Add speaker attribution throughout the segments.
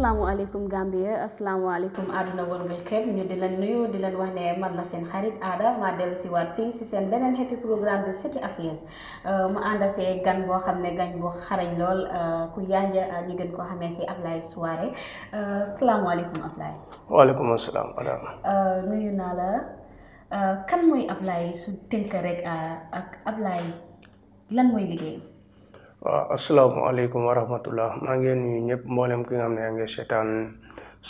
Speaker 1: asalaamaaleykum Gambie asalaamaaleykum àdduna wërmul képp ñu di leen nuyu di leen wax ne man la seen xarit aada maa dellu si waat fii si seen beneen xeeti programme de City Affairs euh, mu ànd see gan boo xam ne gan boo xarañ lool euh, ku yaanja euh, ñu gën koo xamee si Ablaye Suwareh asalaamaaleykum Ablaye.
Speaker 2: waaleykum asalaam Ada.
Speaker 1: nuyu naa la kan mooy Ablaye su tënk rek ak Ablaye lan mooy liggéeyam.
Speaker 2: waaw asalaamaaleykum wa rahmatullah maa ngi nuyu ñëpp mboolem ki nga xam ne yaa ngi seetaan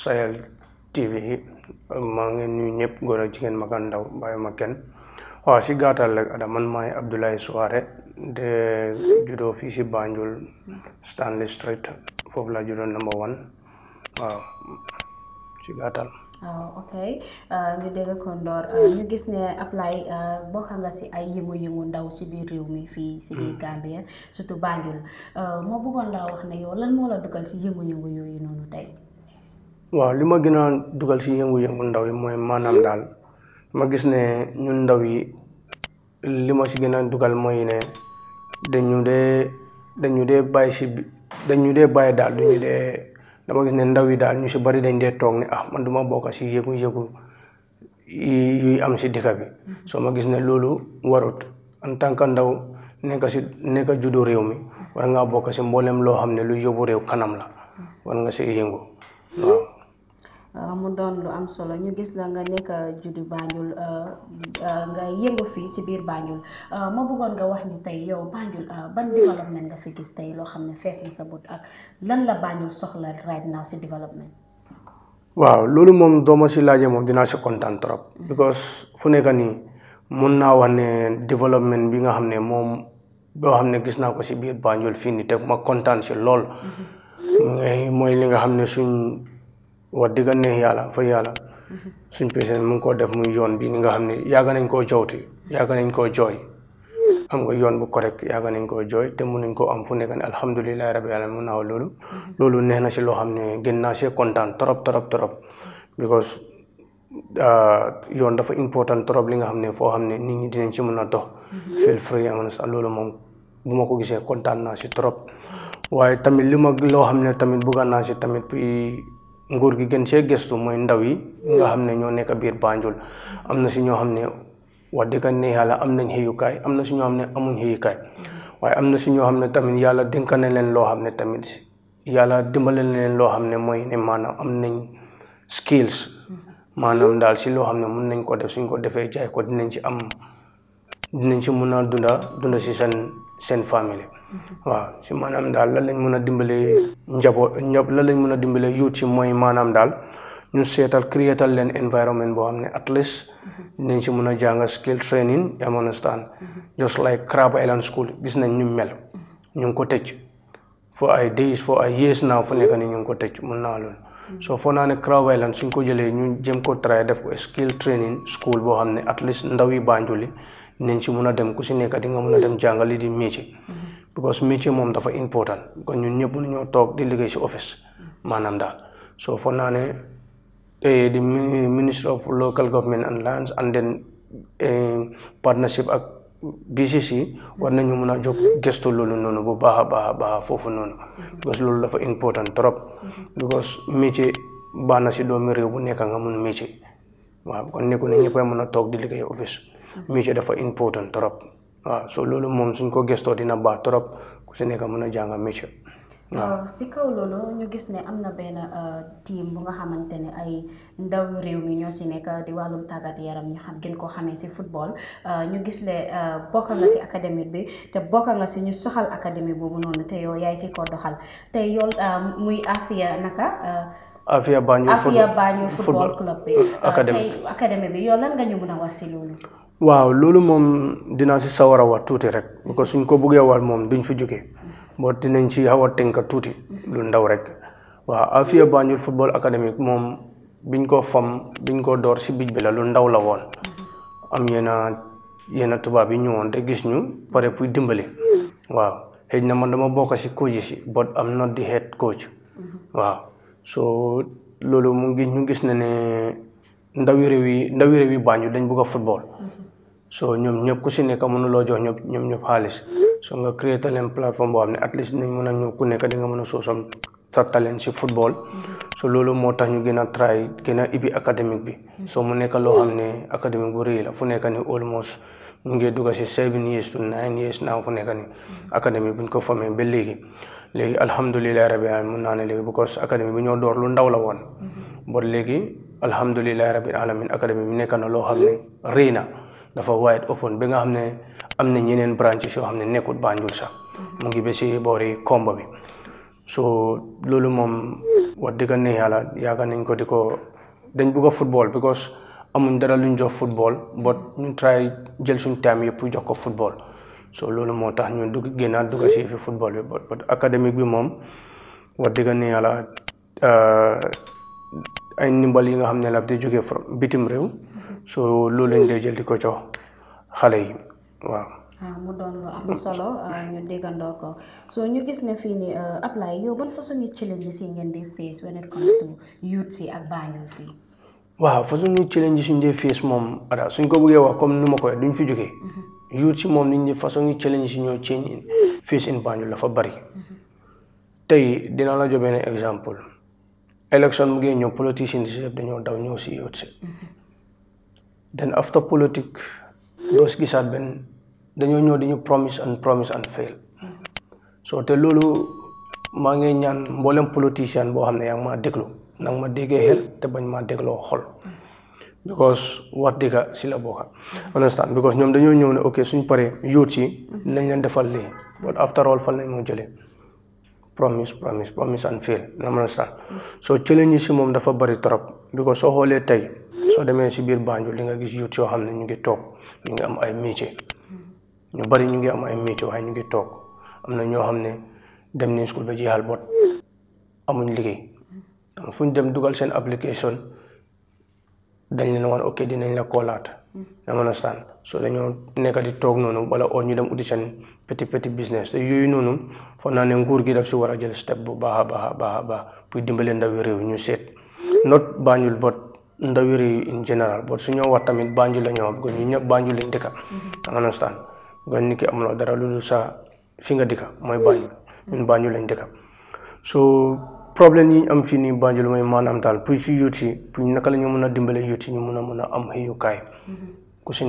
Speaker 2: Sahel TV maa ngi nuyu ñëpp góor ak jigéen mag ak ndaw bàyyi ma kenn waaw si gàttal rek ada man maay Abdoulaye Souare judo fii si Banjul Stanley Street foofu la judo number one waaw si gàttal
Speaker 1: waaw ah, ok ñu ah, dégg ko Ndor ñu ah, gis ne Ablaye bokk nga si ay yëngu-yëngu ndaw si biir réew mi fii si biir hmm. Gambia surtout Banjul moo bëggoon laa wax ne yow lan moo la dugal si yëngu-yëngu yooyu
Speaker 2: li ma gën a dugal si yëngu-yëngu ndaw yi mooy maanaam hmm? daal ma gis ne ñun ndaw yi li ma si gën a dugal mooy ne dañu dee dañu dee bàyyi si dañu dee bàyyi daal dañu dee. dama gis ne ndaw yi daal ñu si bari dañ dee toog ne ah man duma bokk si yëgu yëgu yuy am si dëkk bi mm-hmm. soo ma gis ne loolu warut en tant que ndaw nekk nekk juddu réew mi war ngaa bokk si mboolem loo xam ne lu yóbbu réew kanam la mm-hmm. war nga si yëngu
Speaker 1: amu lo, lu am solo ñu gis la nga nek euh, juddu Banjul euh, euh, nga yëngu fi ci biir Banjul ma bëggon nga wax ñu tay yow Banjul ban development nga fi gis tay lo xamne fess na sa ak lan la Banjul soxla right now si development.
Speaker 2: waaw lolu mom do ma ci laaje mom dina ci content trop mm. because fu nekk ni mun naa wax ne development bi nga xamne mom bo xamne gis na ko si bir Banjul fii nii ma content si lool moy mm-hmm. li nga xamne wax dëgg neex yàlla fa yàlla mm-hmm. suñ président mu ngi koo def muy yoon bi ni nga xam ne yàgg nañ koo jowti yàgg nañ koo jooy xam nga yoon bu correct yàgg nañ koo jooy te mun nañ koo am fu nekk ne alhamdulilahi rabbi yàlla mun naa loolu mm-hmm. loolu neex na si loo xam ne gën naa see kontaan trop trop trop because uh, yoon dafa important trop li nga xam ne foo xam ne nit ñi dinañ ci mën a dox mm-hmm. feel free amoon sax loolu moom bu ma ko gisee kontaan naa si trop waaye tamit li ma loo xam ne tamit bugga naa si tamit की गेंसे गेस्तु मोइन दवी हमने नहीं ने कबीर बांजुल हम नो हमने वे कन्ने हाला हम नहीं हेयु काय हम नो हमने अमुन हे काय वाय हम नो हमने तमिन याला दिन कने लेन लो हमने तमिन याला दिमल लेन लो हमने मोइ ने माना हम स्किल्स माना हम डाल सिलो हमने मुन नहीं को देव सिंह को देव जाए को दिन नहीं अम दिन नहीं मुना दुना दुना सीसन seen famille waaw si maanaam daal lan lañ mën a dimbale njaboot lan lañ mën a dimbale yuut si mooy maanaam daal ñu seetal créatal leen environment boo xam ne at least nañ si mun a jàng skill training you understand just like Crab Island School gis ñu mel ñu ngi ko tëj for ay days for ay years now fu nekk ni ñu ngi ko tëj mën naa loolu so foo naa ne Crab Island suñ ko jëlee ñu jëm ko try def ko skill training school boo xam ne at least ndaw yi nenci muna dem ku ci nekk di nga dem jangali di métier mm-hmm. because métier moom dafa important kon ñun ñëpp ñoo toog di liggéey ci office maanaam daal so fo naa ne eh, di minister of local government and lands and then eh, partnership ak BCC, war nañu muna a jóg gëstu loolu noonu bu baax a baax a baax foofu noonu mm-hmm. because loolu dafa important trop mm-hmm. because métier baax na si doomi réew bu nekk nga mun métier waaw kon nekku na ñëppay mën a toog di liggéey office métier dafa important trop waaw so loolu moom suñ ko gëstoo dina baax trop ku si nekk mën a jàng métier waaw euh,
Speaker 1: si kaw loolu ñu gis ne am na benn euh, team bu nga xamante ne ay ndaw réew mi ñoo si nekk di wàllum tàggat yaram ñu xam gën koo xamee si football euh, ñu gis le bokk nga si académie bi te bokk nga si ñu soxal académie boobu noonu te yow yaay ki ko doxal te yow muy Afia naka.
Speaker 2: Afia Banyu Afia Banjul football
Speaker 1: club bi eh. eh, Academy eh, académique bi yow lan nga ñu mën a wax si loolu
Speaker 2: waaw loolu moom dinaa si sawar a wax tuuti rek parce que suñ ko buggee wal moom duñ fi jóge boo dinañ ci xaw a tënk tuuti lu ndaw rek waaw Afia Banjul football académique moom biñ ko fam biñ ko door si bij bi la lu ndaw la woon am yenn yenn tubaab yi ñëwoon te gis ñu pare pour dimbali waaw xëy na man dama bokk si coach si but am not the head coach waaw so loolu mu ngi ñu gis ne ne ndawi réew yi ndawi yi Banjul dañ bëgg a football mm-hmm. soo ñoom ñëpp ku si nekk mënuloo jox ñëpp ñoom ñëpp xaalis so nga créé leen plateforme boo xam ne at least nañ mën a ñëw ku nekk di nga mën a soosam sa talent si football mm-hmm. so loolu moo tax ñu gën a try gën a ibi académique bi so mu nekk loo xam ne académique bu rëy fu nekk ni almost mu ngi dugg si seven years to nine years now fu nekk ni mm-hmm. académique buñ ko formé ba léegi léegi alhamdulilah rabbil alamin mun naa ne léegi because académie bi ñoo door lu ndaw la woon
Speaker 1: mm-hmm.
Speaker 2: bon léegi alhamdulilah rabbil alamin académie bi nekk na loo xam ne rëy na dafa wide open bi nga xam ne am na ñeneen branches yoo xam ne nekkul Banjul sax mm-hmm. mu ngi ba si boori Kombo bi so loolu moom wax dëgg ne yàlla yaakaar nañ ko di ko dañ bugg a football because amuñ dara luñ jox football but ñu try jël suñ time yëpp jox ko football so loolu moo tax ñu dugg génnaat dugg si fi football bi but but bi moom wax dëgg ne euh, ay ndimbal yi nga xam ne la di jógee from bitim réew so loolu lañ dee jël di ko jox xale yi waaw.
Speaker 1: Ah, mu doon lu am solo ah, ñu déggandoo ko so ñu gis ne fii nii euh, Ablaye yow ban façon ni challenges yi ngeen di face when it comes si ak Banjul fii.
Speaker 2: waaw façon ñu challenge suñ dee face moom ada suñ ko bëggee wax comme nu ma koy duñ fi jógee yuut mm-hmm. si moom nit ñi façon ñu challenge si ñoo change in face in Banjul la fa bari mm-hmm. tey dina la jox benn exemple élection mu ngi ñëw politiciens si yëpp dañoo daw ñëw si yuut si mm-hmm. then after politique doo si gisaat benn dañoo ñëw dañu promise and promise and fail so te loolu maa ngi ñaan mboolem politicien boo xam ne yaa ngi maa déglu nag ma déggee te bañ maa dégloo xol because wax dëgga si la bokka understand because ñoom dañoo ñëw ne ok suñ paree youth yi nañ leen defal lii but after fan lañ moo jëlee promise promise promise and fail understand soo challenge yi si moom dafa bari trop because soo xoolee tey soo demee si biir Banjul li nga gis yuut yoo xam ne ñu ngi toog ñu ngi am ay métier ñu bari ñu ngi am ay métier waaye ñu ngi toog am na ñoo xam ne dem nañ school ba jeexal bot amuñ liggéey fuñ dem dugal seen application dañ leen wan ok dinañ la koolaat na mën a so dañoo nekk di toog noonu wala oo ñu dem uti seen petit petit business te yooyu noonu foog naa ne nguur gi daf si war a jël step bu baax a baax a baax a baax pour dimbale ndawi réew ñu seet not bañul bot ndawi réew in general bot su ñoo wax tamit bañul la ñoo gën ñu ñëpp bañul lañ dëkka na mën a staan gon nit ki amuloo dara lu sa fi nga dëkka mooy bañul ñun Banjul lañ so problème yi ñu am fii nii Banjul mooy maanaam daal pour si youth yi pour naka la ñu mën a dimbale youth yi ñu mën a mën a am xëyukaay mm-hmm. ku si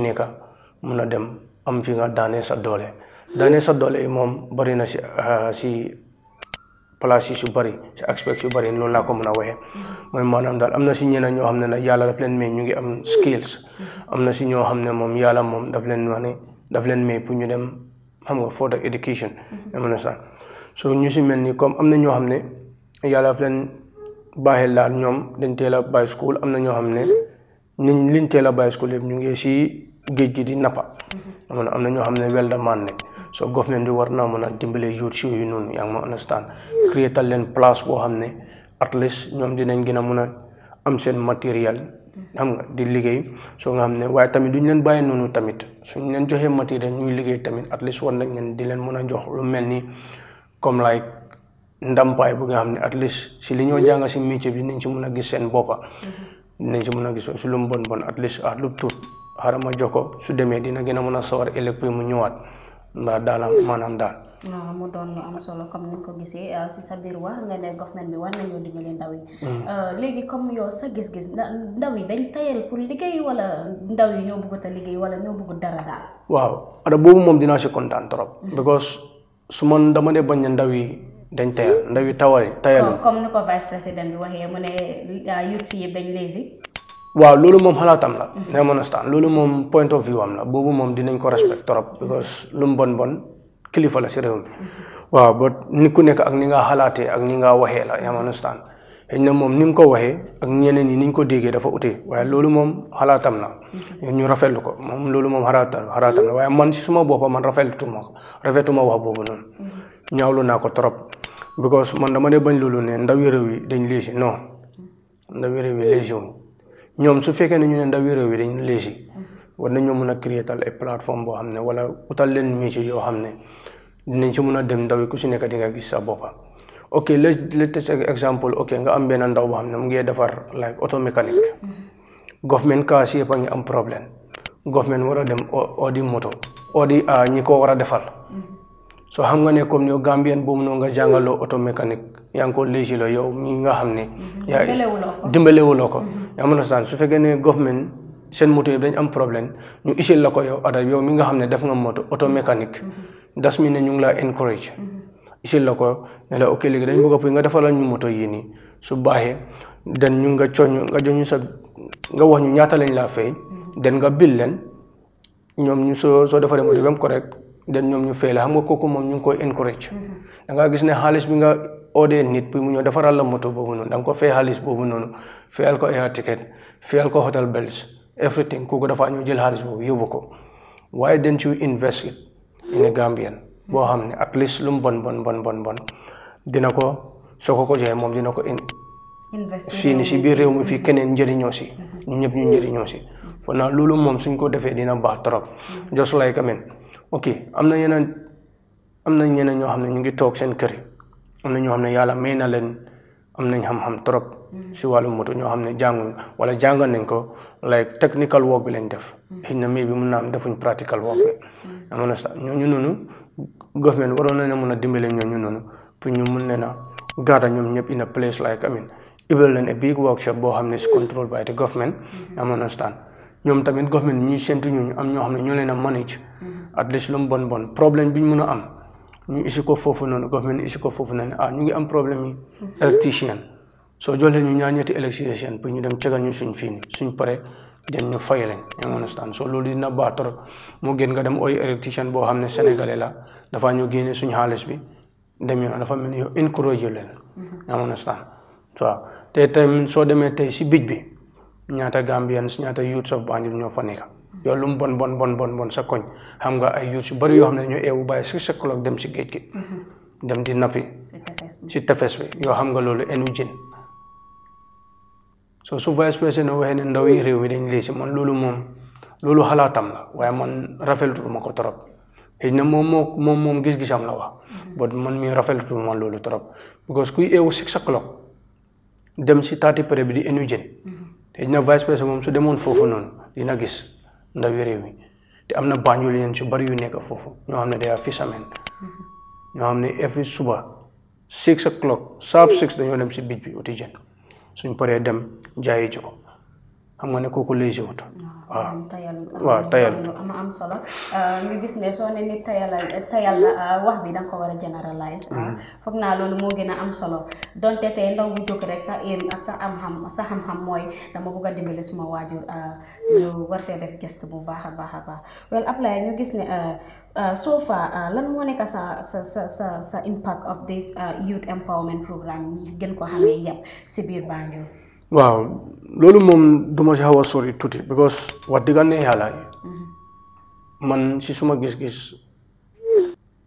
Speaker 2: a dem am fi sa doole daanee sa doole moom bari na si ah, si place yi su bari si aspect yu bari noonu laa ko mën a waxee mm-hmm. mooy maanaam daal am na si ñeneen ñoo xam ne nag yàlla daf leen may ñu ngi am skills mm-hmm. am na si ñoo xam ne moom yàlla moom daf leen wax ne leen may ñu dem xam nga further education am sax so ñu si mel nii comme am na ñoo xam ne yàlla fi leen baaxee ñoom dañ teel a bàyyi school am na ñoo xam ne niñ liñ teel a bàyyi school yëpp ñu ngi si géej gi di nappa mm-hmm. am na ñoo xam ne welda maan ne so government di war naa mën a dimbale youth si yooyu noonu yaa ngi ma understand créétal leen place boo xam ne at least ñoom dinañ gën a mën a am seen matériel mm-hmm. xam nga di liggéey soo nga xam ne waaye tamit duñ leen bàyyi noonu tamit suñ leen joxee matériel ñuy liggéey tamit at least war nañ leen di leen mën a jox lu mel ni comme like ndampaay e bu nga xamni at least ci li ñoo jàng si métier bi niñ ci mun a gis seen boppa
Speaker 1: mm-hmm.
Speaker 2: niñ ci mun a gis su lu bon bon at least at lu tout harama joko su demee dina gën a mën a sawar ëllëg bi mu ñëwaat ndax daal maanaam daal
Speaker 1: waaw mu doon lu am solo comme ni ko gisee ah, si sa biir wax nga ne government bi war nañu dimbali ndaw yi mm. ah, léegi comme yow sa gis-gis ndaw yi dañ tayal pour liggéey wala ndaw yi ñoo bëggut a liggéey wala ñoo bëggut dara daal
Speaker 2: waaw ada boobu moom dinaa si kontaan trop mm. because su man dama dee bañ a ndaw yi dañ tayal ndaw yi tawal tayal
Speaker 1: comme ni ko vice président bi waxee mu ne euh, youth si yëpp dañ lazy
Speaker 2: waaw loolu moom xalaatam la. Mhm. nee ma understand loolu moom point of view am la boobu moom dinañ ko respect trop mhm. because lu mu bon bon kilifa la si réew mi mhm. waaw ba ni ku nekk ak ni nga xalaatee ak ni nga waxee la yaa xëy na moom ni mu ko waxee ak ñeneen ñi ni ñu ko déggee dafa utee waaye loolu moom xalaatam na mm-hmm. ñu rafetlu ko moom loolu moom xalaatam xalaatam la waaye man si suma boppa man rafetuma rafetuma wax boobu noonu mm-hmm. ñaawlu naa ko trop because man dama ne bañ loolu ne ndawi réew yi dañ léegi non ndawi réew yi léegi ñoom su fekkee ne ñu ne ndawi réew wi dañ léegi mm-hmm. war nañoo mën a créer tal ay plateforme boo xam ne wala utal leen métier yoo xam ne dinañ si mën a dem ndaw yi ku si nekk di nga gis sa boppa ok le le exemple ok nga am benn ndaw boo xam ne mu ngi defar like auto mécanique mm-hmm. government kaa si yëpp ngi am problème government war a dem audi moto audi ah, ñi ko war a defal mm-hmm. soo xam nga ne comme yow Gambien boobu noonu nga jàngaloo auto mécanique yaa ngi ko léegiloo yow mi nga xam ne. Mm-hmm. dimbalewuloo ko yaa mën saan su fekkee ne government seen moto yi dañ am problème ñu isil la ko yow ada yow mi nga xam ne def nga moto auto mécanique das mi ne ñu ngi laa encourage isil la ko ne la ok léegi dañ bëgg pour nga defaral ñu moto yii nii su baaxee den ñu nga coñ nga jox ñu sa nga wax ñu ñaata lañ laa fay den nga bil leen ñoom ñu soo soo defaree la xam nga kooku moom ñu ngi koy encourage mm-hmm. da ngaa gis xaalis bi nga odee nit pour mu ñëw defaral la moto boobu noonu da nga ko fay xaalis boobu noonu fayal ko air ticket fayal ko hotel bills everything kooku dafa ñëw jël xaalis boobu yóbbu ko why didn't you invest it in a boo xam ne at least lu mu bon bon bon bon bon dina ko soo ko ko joxee moom dina ko in fii ni si biir réew mi fii mm-hmm. keneen njëriñoo si mm-hmm. ñu ñëpp ñu njëriñoo si mm-hmm. fo na loolu moom suñ ko defee dina baax trop just like I mean ok am na yeneen am na ñeneen ñoo xam ne ñu ngi toog seen kër yi am na ñoo xam ne yàlla may na leen am nañ xam-xam trop si wàllum moto ñoo xam ne jànguñ wala jàngal nañ ko like technical work bi lañ def xëy na may bi mun naa am defuñ practical work bi amoon na sax ñooñu noonu government waroon nañu mun a dimbale ñooñu noonu pour ñu mun leen a gaada ñoom ñëpp in a place like I mean a big workshop boo xam ne is controlled by government mm-hmm. am understand ñoom tamit government ñu am ñoo a manage mm-hmm. at least lu mu bon bon ñu a am ñu ah, am problème yi mm-hmm. soo joxleen ñu ñaar ñetti électricien pour ñu dem cegal ñu suñ fii suñ pare dem ñu fay leen yaa understand so loolu dina baax trop mu gën nga dem ooy électricien boo xam ne sénégalais la dafa ñu génne suñu xaalis bi dem yoon dafa mel ni yow encouragé leen yaa understand waaw te tamit soo demee tey si bij bi ñaata Gambians ñaata youths of Banjul ñoo fa nekk yow lu mu bon bon bon bon bon sa koñ xam nga ay youths yu bëri yoo xam ne dañoo eewu bàyyi six o'clock dem si géej gi mhm. dem di nappi si tefes bi yoo xam nga loolu enu so su vice président waxee ne ndaw yi réew mi dañ lii si man loolu moom loolu xalaatam la waaye man rafetlu ma ko trop xëy na moom moo moom moom gis-gisam la wax mm-hmm. but man mii rafetlu ma loolu trop because kuy eewu six o'clock dem si taati pare bi di enu jën mm-hmm. xëy na vice président moom su demoon foofu noonu dina gis ndawi réew mi te am na Banjul yéen su bari yu nekk foofu ñoo xam ne day fi semaine ñoo xam ne every suba six o'clock sharp six dañoo dem si bij bi suñ paree dem jaayi ji ko xam nga ne kooku léger wut ah,
Speaker 1: waaw tayal am solo ah, ñu gis ne soo ne ni tayal ah, wax bi da ko war a généraliser mm-hmm. foog naa loolu moo gën a am solo donte tey ndaw bu jóg rek ak sa am xam sa xam mooy dama bëgg a suma waajur ñu war see def geste bu baax a baax a baax wel Ablaye ñu gis ne so far lan moo nekk sa sa sa sa impact of this youth empowerment programme gën ko xamee yàpp si biir Banjul
Speaker 2: waaw loolu moom duma si xaw a sori tuuti because wax dëgg ne yàlla man si suma gis-gis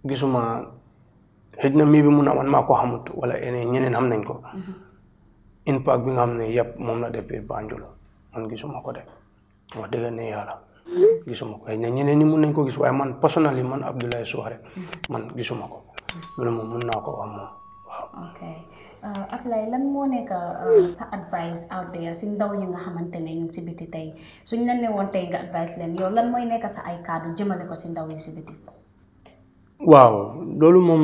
Speaker 2: gisuma xëj na mii bi mun a man maa ko xamut wala ene ñeneen xam nañ ko impact bi nga xam ne yëpp moom la def Banjul man gisuma ko de wax dëgg ne yàlla gisuma ko xëj na ñeneen ñi mun nañ ko gis waaye man personnellement man Abdoulaye Suare man gisuma ko loolu moom mun naa ko wax moom
Speaker 1: waaw Ablaye lan moo nekk uh, sa advice out there si ndaw yi nga xamante ne si biti tey suñ la ne woon tey nga advice leen yow lan mooy nekk sa ay kàddu jëmale ko si ndaw yi si biti.
Speaker 2: waaw loolu moom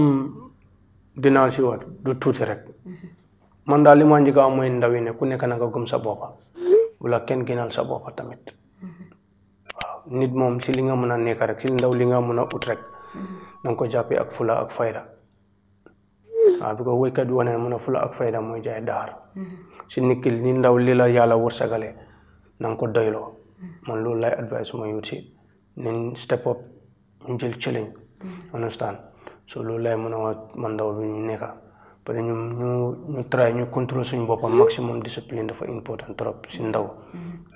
Speaker 2: dinaa si waat du tuuti rek mm-hmm. man daal li ma njëkk mooy ndaw yi ne ku nekk na nga gëm sa boppa wala kenn gënal sa boppa tamit
Speaker 1: mm-hmm.
Speaker 2: nit moom si li nga mën a nekk rek si ndaw li nga mën a ut rek mm-hmm. na nga ko jàppee ak fula ak fayda. waaw bi ko wéykat bi wane ne mun a fula ak fayda mooy jaay daar mm-hmm. si nit ki ni ndaw li la yàlla wërsagale na nga ko doyloo mm-hmm. man loolu lay advice mooy wut si nañ step up ñu jël challenge mm-hmm. understand so loolu lay mën a wax man ndaw bi ñu nekka parce que ñu ñu ñu try ñu contrôle maximum discipline dafa important trop si ndaw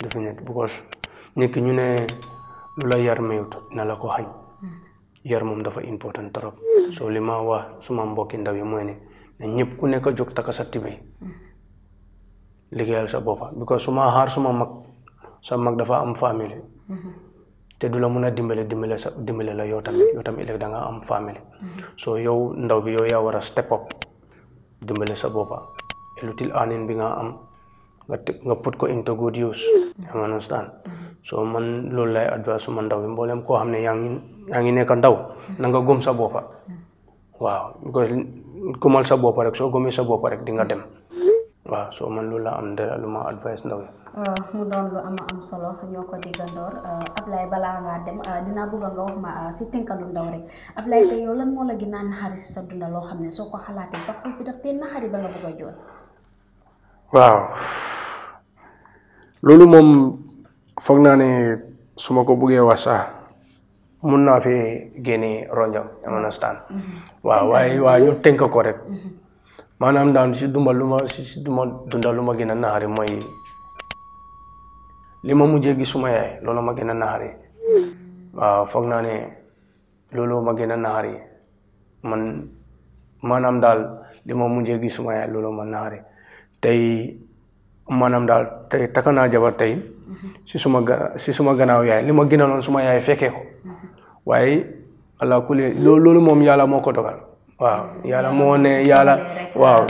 Speaker 2: definite ñu ne lu la yar mayut na la ko xañ mom dafa important trop so lima ma wax suma mbokki ndaw yi moy ne ne ku nekk jog taka sa tibé ligéyal sa bofa because suma har, suma mag sa mag dafa am family. te dula mëna dimbalé dimbalé sa dimbalé la yow tam yow tam ilek da nga am family. so yow ndaw bi yow ya wara step up dimbalé sa bofa elutil anin bi nga am nga nga put ko into good use am understand so man loolu lay advice suma ndaw yi mboolem koo xam yang yaa ngi yaa ngi ndaw na nga gëm sa bopa waaw ko kumal sa bopa rek so gëmee sa bopa rek di nga dem waaw so man loolu la am de luma advice ndaw yi
Speaker 1: eh, mu don lu am am solo ñoko di gandor eh, ablay bala nga dem dina eh, bëgg nga wax oh, ma si tinkalu ndaw rek ablay te yow lan mo la gën a naxari si sa dunda xamne soko xalaté sax ko xalaatee sa xol bi daf ba nga bëgg a
Speaker 2: waaw lolu mom foog naa ne su ma ko buggee wax sax mun naa fi génne ronjam amoon staan mm-hmm. waaw waaye waaye ñu tënk ko rek mm-hmm. maanaam daan si duma lu ma si duma dunda lu ma gën a naxari mooy li ma mujjee gi suma yaay loolu ma gën a naxari waaw foog naa ne ma gën a naxari man maanaam daal li ma mujjee gi suma yaay loolu ma naxari tey maanaam daal tey takk naa jabar tey si suma ga si suma ganaaw yaay li ma gënaloon suma yaay fekkee ko waaye ala kulli loolu moom yàlla moo ko dogal waaw yàlla moo ne yàlla waaw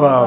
Speaker 2: waaw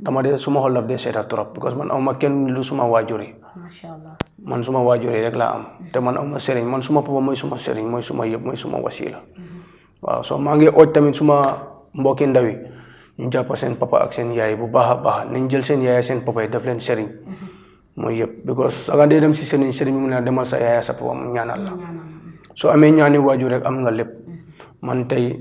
Speaker 2: dama dee suma xol daf dee seeta trop because man awma kenn lu suma wajuri yi man suma wajuri rek la am te man awma sëriñ man suma mhm. papa moy suma sëriñ moy suma yëpp moy suma wasila wa so ma ngi oj tamit suma mbokki ndawi ñu sen papa ak sen yaay bu baax baax nañ jël sen yaay sen papa def len sering, moy mooy because sanga di dem si sëriñ sering mu na demal sa yaay sa papa mu ñaanal la so amé ñaani wajuri rek am nga lépp man tay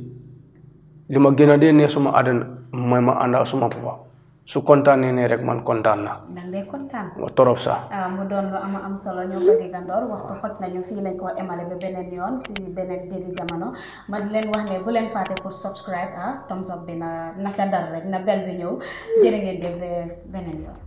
Speaker 2: lima gëna a ne suma adana moy ma ànda suma papa su kontaanee ne rek man kontaan na.
Speaker 1: nan lay kontaan. torop sax. Ah, mu doon lu am am solo ñoo ko diggandoor waxtu xoj nañu fii lañ ko emale ba beneen yoon si beneen dégg jamono ma leen wax ne bu leen fàtte pour subscribe ah thumbs up na na ca dal rek na bel bi ñëw jërë def beneen yoon.